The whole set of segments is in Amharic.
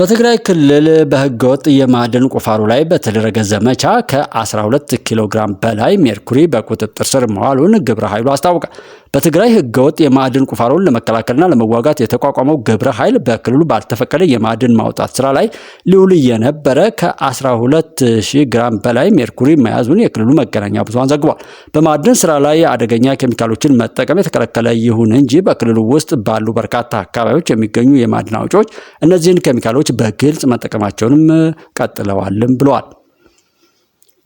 በትግራይ ክልል በህገወጥ የማዕድን ቁፋሮ ላይ በተደረገ ዘመቻ ከ12 ኪሎ ግራም በላይ ሜርኩሪ በቁጥጥር ስር መዋሉን ግብረ ኃይሉ አስታወቀ። በትግራይ ህገወጥ የማዕድን ቁፋሮን ለመከላከልና ለመዋጋት የተቋቋመው ግብረ ኃይል በክልሉ ባልተፈቀደ የማዕድን ማውጣት ስራ ላይ ሊውል የነበረ ከ12000 ግራም በላይ ሜርኩሪ መያዙን የክልሉ መገናኛ ብዙሃን ዘግቧል። በማዕድን ስራ ላይ አደገኛ ኬሚካሎችን መጠቀም የተከለከለ ይሁን እንጂ በክልሉ ውስጥ ባሉ በርካታ አካባቢዎች የሚገኙ የማዕድን አውጪዎች እነዚህን ኬሚካሎች ኃይሎች በግልጽ መጠቀማቸውንም ቀጥለዋልም ብለዋል።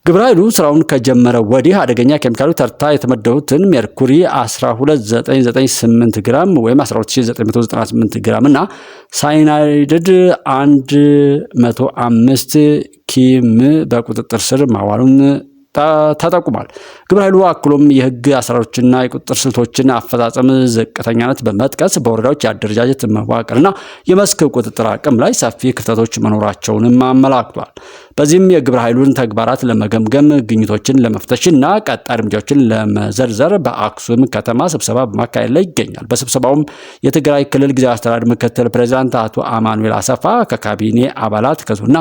ግብረ ኃይሉ ስራውን ከጀመረ ወዲህ አደገኛ ኬሚካሉ ተርታ የተመደቡትን ሜርኩሪ 12998 ግራም ወይም 12998 ግራም እና ሳይናይድድ 105 ኪም በቁጥጥር ስር ማዋሉን ተጠቁሟል። ግብረ ኃይሉ አክሎም የህግ አሰራሮችና የቁጥጥር ስልቶችን አፈጻጸም ዝቅተኛነት በመጥቀስ በወረዳዎች የአደረጃጀት መዋቅርና የመስክ ቁጥጥር አቅም ላይ ሰፊ ክፍተቶች መኖራቸውንም አመላክቷል። በዚህም የግብረ ኃይሉን ተግባራት ለመገምገም ግኝቶችን ለመፍተሽና ቀጣይ እርምጃዎችን ለመዘርዘር በአክሱም ከተማ ስብሰባ በማካሄድ ላይ ይገኛል። በስብሰባውም የትግራይ ክልል ጊዜ አስተዳደር ምክትል ፕሬዚዳንት አቶ አማኑኤል አሰፋ ከካቢኔ አባላት ከዞንና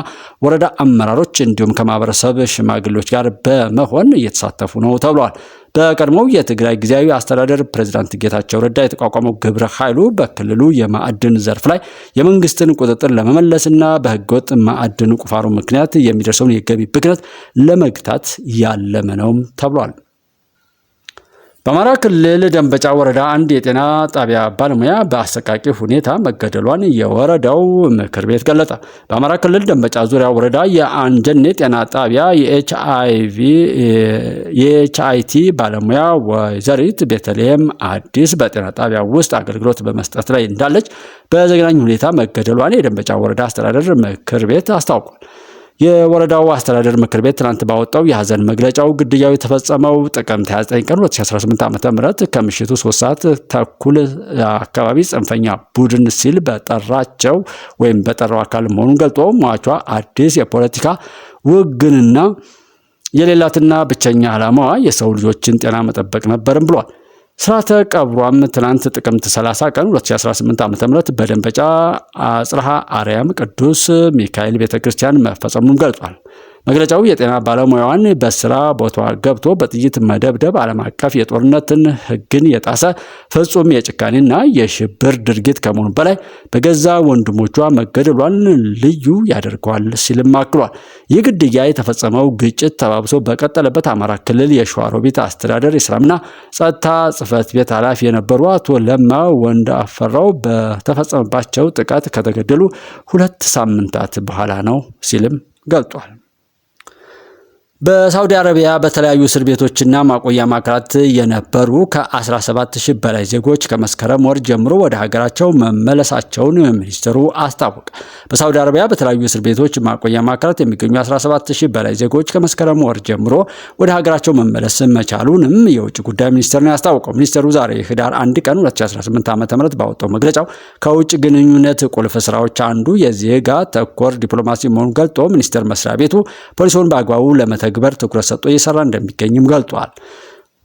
ወረዳ አመራሮች እንዲሁም ከማህበረሰብ ሽማግሌዎች ጋር በመሆን እየተሳተፉ ነው ተብሏል። በቀድሞው የትግራይ ጊዜያዊ አስተዳደር ፕሬዚዳንት ጌታቸው ረዳ የተቋቋመው ግብረ ኃይሉ በክልሉ የማዕድን ዘርፍ ላይ የመንግስትን ቁጥጥር ለመመለስና በህገወጥ ማዕድን ቁፋሮ ምክንያት የሚደርሰውን የገቢ ብክነት ለመግታት ያለመ ነውም ተብሏል። በአማራ ክልል ደንበጫ ወረዳ አንድ የጤና ጣቢያ ባለሙያ በአሰቃቂ ሁኔታ መገደሏን የወረዳው ምክር ቤት ገለጸ። በአማራ ክልል ደንበጫ ዙሪያ ወረዳ የአንጀኔ ጤና ጣቢያ የኤችአይቲ ባለሙያ ወይዘሪት ቤተልሔም አዲስ በጤና ጣቢያ ውስጥ አገልግሎት በመስጠት ላይ እንዳለች በዘግናኝ ሁኔታ መገደሏን የደንበጫ ወረዳ አስተዳደር ምክር ቤት አስታውቋል። የወረዳው አስተዳደር ምክር ቤት ትናንት ባወጣው የሀዘን መግለጫው ግድያው የተፈጸመው ጥቅምት 29 ቀን 2018 ዓ ም ከምሽቱ 3 ሰዓት ተኩል አካባቢ ጽንፈኛ ቡድን ሲል በጠራቸው ወይም በጠራው አካል መሆኑን ገልጦ ሟቿ አዲስ የፖለቲካ ውግንና የሌላትና ብቸኛ ዓላማዋ የሰው ልጆችን ጤና መጠበቅ ነበርም ብሏል። ስርዓተ ቀብሯም ትናንት ጥቅምት 30 ቀን 2018 ዓ.ም በደንበጫ አጽርሃ አርያም ቅዱስ ሚካኤል ቤተክርስቲያን መፈጸሙም ገልጿል። መግለጫው የጤና ባለሙያዋን በስራ ቦታ ገብቶ በጥይት መደብደብ ዓለም አቀፍ የጦርነትን ሕግን የጣሰ ፍጹም የጭካኔና የሽብር ድርጊት ከመሆኑ በላይ በገዛ ወንድሞቿ መገደሏን ልዩ ያደርገዋል ሲልም አክሏል። ይህ ግድያ የተፈጸመው ግጭት ተባብሶ በቀጠለበት አማራ ክልል የሸዋሮቢት አስተዳደር የሰላምና ጸጥታ ጽሕፈት ቤት ኃላፊ የነበሩ አቶ ለማ ወንድ አፈራው በተፈጸመባቸው ጥቃት ከተገደሉ ሁለት ሳምንታት በኋላ ነው ሲልም ገልጧል። በሳውዲ አረቢያ በተለያዩ እስር ቤቶችና ማቆያ ማዕከላት የነበሩ ከ17 ሺህ በላይ ዜጎች ከመስከረም ወር ጀምሮ ወደ ሀገራቸው መመለሳቸውን ሚኒስትሩ አስታወቀ። በሳውዲ አረቢያ በተለያዩ እስር ቤቶች ማቆያ ማዕከላት የሚገኙ 17 ሺህ በላይ ዜጎች ከመስከረም ወር ጀምሮ ወደ ሀገራቸው መመለስ መቻሉንም የውጭ ጉዳይ ሚኒስትር ነው ያስታወቀው። ሚኒስትሩ ዛሬ ህዳር 1 ቀን 2018 ዓ ም ባወጣው መግለጫው ከውጭ ግንኙነት ቁልፍ ስራዎች አንዱ የዜጋ ተኮር ዲፕሎማሲ መሆኑን ገልጦ ሚኒስቴር መስሪያ ቤቱ ፖሊሲውን በአግባቡ ለመተ ለመተግበር ትኩረት ሰጥቶ እየሰራ እንደሚገኝም ገልጿል።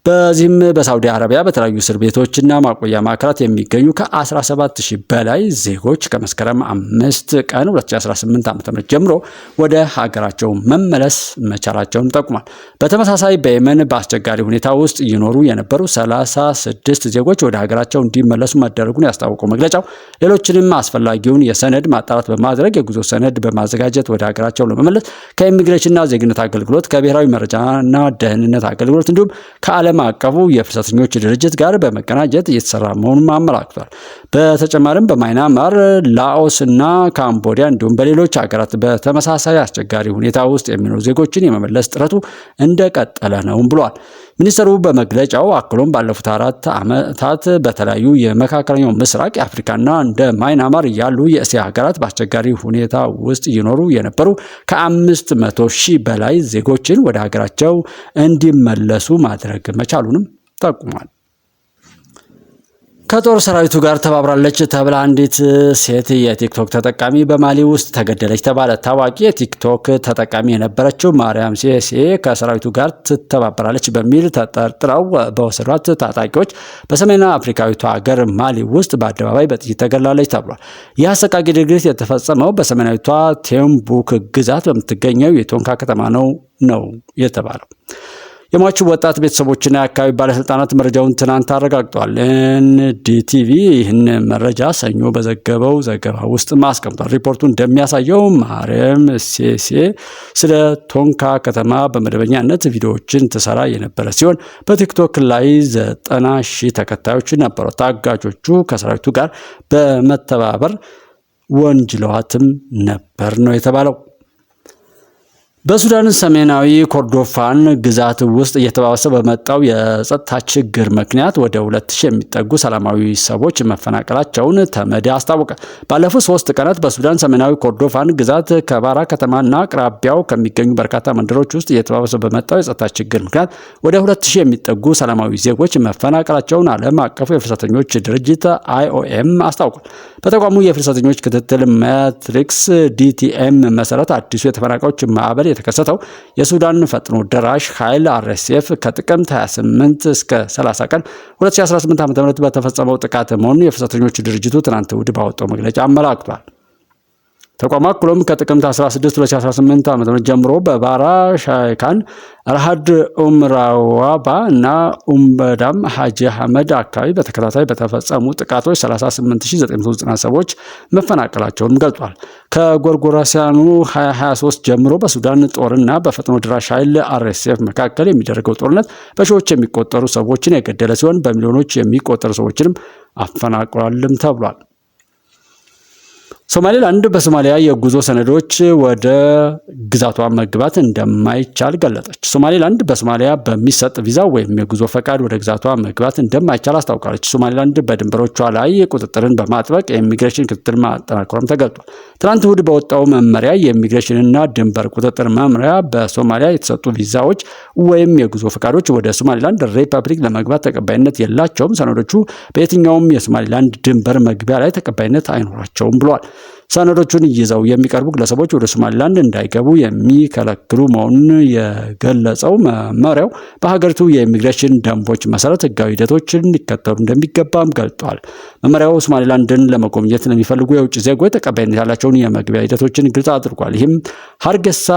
በዚህም በሳውዲ አረቢያ በተለያዩ እስር ቤቶችና ማቆያ ማዕከላት የሚገኙ ከ17 ሺህ በላይ ዜጎች ከመስከረም አምስት ቀን 2018 ዓ.ም ጀምሮ ወደ ሀገራቸው መመለስ መቻላቸውን ጠቁሟል። በተመሳሳይ በየመን በአስቸጋሪ ሁኔታ ውስጥ ይኖሩ የነበሩ 36 ዜጎች ወደ ሀገራቸው እንዲመለሱ መደረጉን ያስታወቀው መግለጫው ሌሎችንም አስፈላጊውን የሰነድ ማጣራት በማድረግ የጉዞ ሰነድ በማዘጋጀት ወደ ሀገራቸው ለመመለስ ከኢሚግሬሽንና ዜግነት አገልግሎት ከብሔራዊ መረጃና ደህንነት አገልግሎት እንዲሁም ከዓለም ከዓለም አቀፉ የፍልሰተኞች ድርጅት ጋር በመቀናጀት እየተሰራ መሆኑን አመላክቷል። በተጨማሪም በማይናማር ላኦስ እና ካምቦዲያ እንዲሁም በሌሎች ሀገራት በተመሳሳይ አስቸጋሪ ሁኔታ ውስጥ የሚኖሩ ዜጎችን የመመለስ ጥረቱ እንደቀጠለ ነው ብሏል። ሚኒስትሩ በመግለጫው አክሎም ባለፉት አራት ዓመታት በተለያዩ የመካከለኛው ምስራቅ የአፍሪካና እንደ ማይናማር ያሉ የእስያ ሀገራት በአስቸጋሪ ሁኔታ ውስጥ ይኖሩ የነበሩ ከአምስት መቶ ሺህ በላይ ዜጎችን ወደ ሀገራቸው እንዲመለሱ ማድረግ መቻሉንም ጠቁሟል። ከጦር ሰራዊቱ ጋር ተባብራለች ተብላ አንዲት ሴት የቲክቶክ ተጠቃሚ በማሊ ውስጥ ተገደለች ተባለ። ታዋቂ የቲክቶክ ተጠቃሚ የነበረችው ማርያም ሴሴ ከሰራዊቱ ጋር ትተባበራለች በሚል ተጠርጥረው በወሰዷት ታጣቂዎች በሰሜና አፍሪካዊቷ ሀገር ማሊ ውስጥ በአደባባይ በጥይት ተገላለች ተብሏል። ይህ አሰቃቂ ድርጊት የተፈጸመው በሰሜናዊቷ ቴምቡክ ግዛት በምትገኘው የቶንካ ከተማ ነው ነው የተባለው። የሟቹ ወጣት ቤተሰቦችና የአካባቢ ባለስልጣናት መረጃውን ትናንት አረጋግጧል። ኤንዲቲቪ ይህን መረጃ ሰኞ በዘገበው ዘገባ ውስጥ አስቀምጧል። ሪፖርቱ እንደሚያሳየው ማርያም ሴሴ ስለ ቶንካ ከተማ በመደበኛነት ቪዲዮዎችን ትሰራ የነበረ ሲሆን በቲክቶክ ላይ ዘጠና ሺህ ተከታዮች ነበሩ። ታጋቾቹ ከሰራዊቱ ጋር በመተባበር ወንጅለዋትም ነበር ነው የተባለው። በሱዳን ሰሜናዊ ኮርዶፋን ግዛት ውስጥ እየተባባሰ በመጣው የጸጥታ ችግር ምክንያት ወደ ሁለት ሺህ የሚጠጉ ሰላማዊ ሰዎች መፈናቀላቸውን ተመድ አስታወቀ። ባለፉት ሶስት ቀናት በሱዳን ሰሜናዊ ኮርዶፋን ግዛት ከባራ ከተማና አቅራቢያው ከሚገኙ በርካታ መንደሮች ውስጥ እየተባባሰ በመጣው የጸጥታ ችግር ምክንያት ወደ ሁለት ሺህ የሚጠጉ ሰላማዊ ዜጎች መፈናቀላቸውን ዓለም አቀፉ የፍልሰተኞች ድርጅት አይኦኤም አስታውቋል። በተቋሙ የፍልሰተኞች ክትትል ሜትሪክስ ዲቲኤም መሰረት አዲሱ የተፈናቃዮች ማዕበል የተከሰተው የሱዳን ፈጥኖ ደራሽ ኃይል አርኤስኤፍ ከጥቅምት 28 እስከ 30 ቀን 2018 ዓ ም በተፈጸመው ጥቃት መሆኑን የፍሰተኞች ድርጅቱ ትናንት እሁድ ባወጣው መግለጫ አመላክቷል። ተቋም አክሎም ከጥቅምት 16 2018 ዓ ም ጀምሮ በባራ ሻይካን ረሃድ ኡምራዋባ እና ኡምበዳም ሐጂ አህመድ አካባቢ በተከታታይ በተፈጸሙ ጥቃቶች 38997 ሰዎች መፈናቀላቸውንም ገልጿል። ከጎርጎራሲያኑ 2023 ጀምሮ በሱዳን ጦርና በፈጥኖ ድራሽ ኃይል አርኤስኤፍ መካከል የሚደረገው ጦርነት በሺዎች የሚቆጠሩ ሰዎችን የገደለ ሲሆን በሚሊዮኖች የሚቆጠሩ ሰዎችንም አፈናቅሏልም ተብሏል። ሶማሌላንድ በሶማሊያ የጉዞ ሰነዶች ወደ ግዛቷ መግባት እንደማይቻል ገለጠች። ሶማሌላንድ በሶማሊያ በሚሰጥ ቪዛ ወይም የጉዞ ፈቃድ ወደ ግዛቷ መግባት እንደማይቻል አስታውቃለች። ሶማሌላንድ በድንበሮቿ ላይ ቁጥጥርን በማጥበቅ የኢሚግሬሽን ክትትል ማጠናከሯም ተገልጧል። ትናንት እሁድ በወጣው መመሪያ የኢሚግሬሽንና ድንበር ቁጥጥር መምሪያ በሶማሊያ የተሰጡ ቪዛዎች ወይም የጉዞ ፈቃዶች ወደ ሶማሌላንድ ሪፐብሊክ ለመግባት ተቀባይነት የላቸውም፣ ሰነዶቹ በየትኛውም የሶማሌላንድ ድንበር መግቢያ ላይ ተቀባይነት አይኖራቸውም ብሏል። ሰነዶቹን ይዘው የሚቀርቡ ግለሰቦች ወደ ሶማሊላንድ እንዳይገቡ የሚከለክሉ መሆኑን የገለጸው መመሪያው በሀገሪቱ የኢሚግሬሽን ደንቦች መሰረት ህጋዊ ሂደቶችን ሊከተሉ እንደሚገባም ገልጧል። መመሪያው ሶማሌላንድን ለመጎብኘት ለሚፈልጉ የውጭ ዜጎች ተቀባይነት ያላቸውን የመግቢያ ሂደቶችን ግልጽ አድርጓል። ይህም ሀርገሳ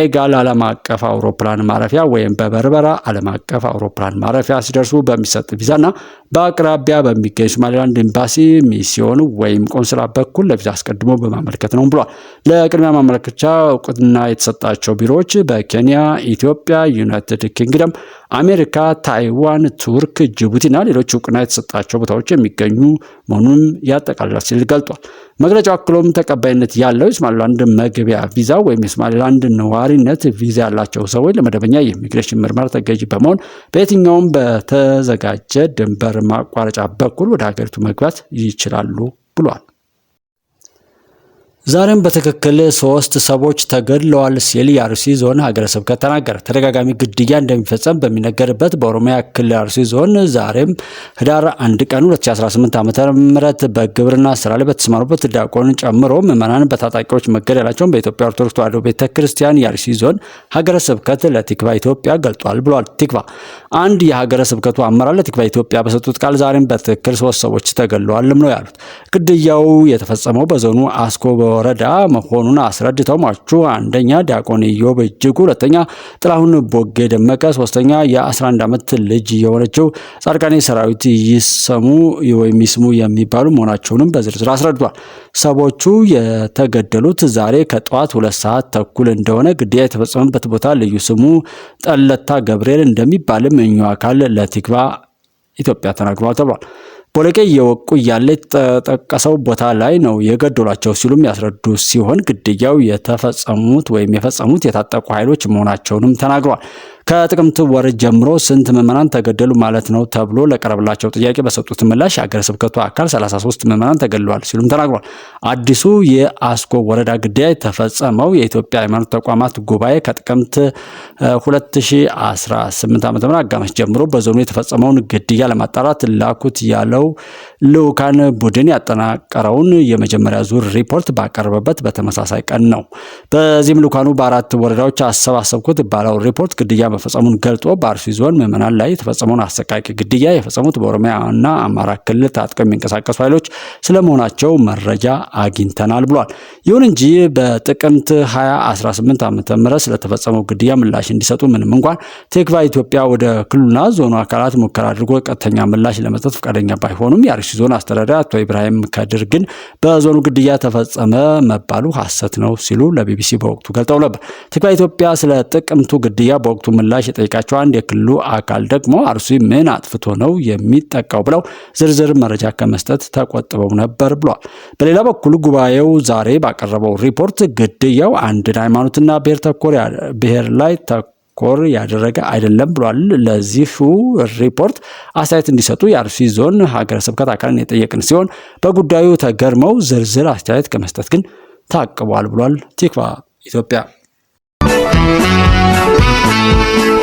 ኤጋል ዓለም አቀፍ አውሮፕላን ማረፊያ ወይም በበርበራ ዓለም አቀፍ አውሮፕላን ማረፊያ ሲደርሱ በሚሰጥ ቪዛና በአቅራቢያ በሚገኝ ሶማሌላንድ ኤምባሲ ሚሲዮን ወይም ቆንስላ በኩል ለቪዛ አስቀድሞ በማመልከት ነው ብሏል። ለቅድሚያ ማመልከቻ እውቅና የተሰጣቸው ቢሮዎች በኬንያ፣ ኢትዮጵያ፣ ዩናይትድ ኪንግደም አሜሪካ፣ ታይዋን፣ ቱርክ፣ ጅቡቲና ሌሎች እውቅና የተሰጣቸው ቦታዎች የሚገኙ መሆኑን ያጠቃልላል ሲል ገልጧል። መግለጫው አክሎም ተቀባይነት ያለው የሶማሌላንድ መግቢያ ቪዛ ወይም የሶማሊላንድ ነዋሪነት ቪዛ ያላቸው ሰዎች ለመደበኛ የኢሚግሬሽን ምርመራ ተገዥ በመሆን በየትኛውም በተዘጋጀ ድንበር ማቋረጫ በኩል ወደ ሀገሪቱ መግባት ይችላሉ ብሏል። ዛሬም በትክክል ሶስት ሰዎች ተገድለዋል ሲል የአርሲ ዞን ሀገረ ስብከት ተናገረ። ተደጋጋሚ ግድያ እንደሚፈጸም በሚነገርበት በኦሮሚያ ክልል አርሲ ዞን ዛሬም ህዳር አንድ ቀን 2018 ዓ ም በግብርና ስራ ላይ በተሰማሩበት ዲያቆን ጨምሮ ምዕመናን በታጣቂዎች መገደላቸውን በኢትዮጵያ ኦርቶዶክስ ተዋሕዶ ቤተ ክርስቲያን የአርሲ ዞን ሀገረ ስብከት ለቲክቫ ኢትዮጵያ ገልጧል ብሏል። ቲክቫ አንድ የሀገረ ስብከቱ አመራር ለቲክቫ ኢትዮጵያ በሰጡት ቃል ዛሬም በትክክል ሶስት ሰዎች ተገድለዋልም ነው ያሉት። ግድያው የተፈጸመው በዞኑ አስኮ ወረዳ መሆኑን አስረድተው ማቹ አንደኛ ዲያቆን ኢዮብ እጅጉ፣ ሁለተኛ ጥላሁን ቦጌ ደመቀ፣ ሶስተኛ የ11 ዓመት ልጅ የሆነችው ጻድቃኔ ሰራዊት ይሰሙ ወይም ይስሙ የሚባሉ መሆናቸውንም በዝርዝር አስረድቷል። ሰዎቹ የተገደሉት ዛሬ ከጠዋት ሁለት ሰዓት ተኩል እንደሆነ ግድያ የተፈጸመበት ቦታ ልዩ ስሙ ጠለታ ገብርኤል እንደሚባልም እኙ አካል ለቲክባ ኢትዮጵያ ተናግሯል ተብሏል። ቦለቄ እየወቁ እያለ የተጠቀሰው ቦታ ላይ ነው የገደሏቸው ሲሉም ያስረዱ ሲሆን ግድያው የተፈጸሙት ወይም የፈጸሙት የታጠቁ ኃይሎች መሆናቸውንም ተናግረዋል። ከጥቅምት ወር ጀምሮ ስንት ምዕመናን ተገደሉ ማለት ነው ተብሎ ለቀረብላቸው ጥያቄ በሰጡት ምላሽ አገረ ስብከቱ አካል 33 ምዕመናን ተገድለዋል ሲሉም ተናግሯል። አዲሱ የአስኮ ወረዳ ግዳይ ተፈጸመው የኢትዮጵያ ሃይማኖት ተቋማት ጉባኤ ከጥቅምት 2018 ዓ.ም አጋማሽ ጀምሮ በዞኑ የተፈጸመውን ግድያ ለማጣራት ላኩት ያለው ልዑካን ቡድን ያጠናቀረውን የመጀመሪያ ዙር ሪፖርት ባቀረበበት በተመሳሳይ ቀን ነው። በዚህም ልዑካኑ በአራት ወረዳዎች አሰባሰብኩት ባለው ሪፖርት ግድያ መፈጸሙን ገልጦ በአርሲ ዞን ምዕመናን ላይ የተፈጸመውን አሰቃቂ ግድያ የፈጸሙት በኦሮሚያ እና አማራ ክልል ታጥቀው የሚንቀሳቀሱ ኃይሎች ስለመሆናቸው መረጃ አግኝተናል ብሏል። ይሁን እንጂ በጥቅምት 2018 ዓ ም ስለተፈጸመው ግድያ ምላሽ እንዲሰጡ ምንም እንኳን ቴክቫ ኢትዮጵያ ወደ ክልሉና ዞኑ አካላት ሙከራ አድርጎ ቀጥተኛ ምላሽ ለመስጠት ፈቃደኛ ባይሆኑም የአርሲ ዞን አስተዳዳሪ አቶ ኢብራሂም ከድር ግን በዞኑ ግድያ ተፈጸመ መባሉ ሐሰት ነው ሲሉ ለቢቢሲ በወቅቱ ገልጠው ነበር። ቴክቫ ኢትዮጵያ ስለ ጥቅምቱ ግድያ በወቅቱ ምላሽ የጠየቃቸው አንድ የክልሉ አካል ደግሞ አርሲ ምን አጥፍቶ ነው የሚጠቃው ብለው ዝርዝር መረጃ ከመስጠት ተቆጥበው ነበር ብሏል። በሌላ በኩል ጉባኤው ዛሬ ባቀረበው ሪፖርት ግድያው አንድን ሃይማኖትና ብሔር ተኮር ብሔር ላይ ኮር ያደረገ አይደለም ብሏል። ለዚሁ ሪፖርት አስተያየት እንዲሰጡ የአርሲ ዞን ሀገረ ስብከት አካልን የጠየቅን ሲሆን በጉዳዩ ተገርመው ዝርዝር አስተያየት ከመስጠት ግን ታቅቧል ብሏል። ቲክቫ ኢትዮጵያ you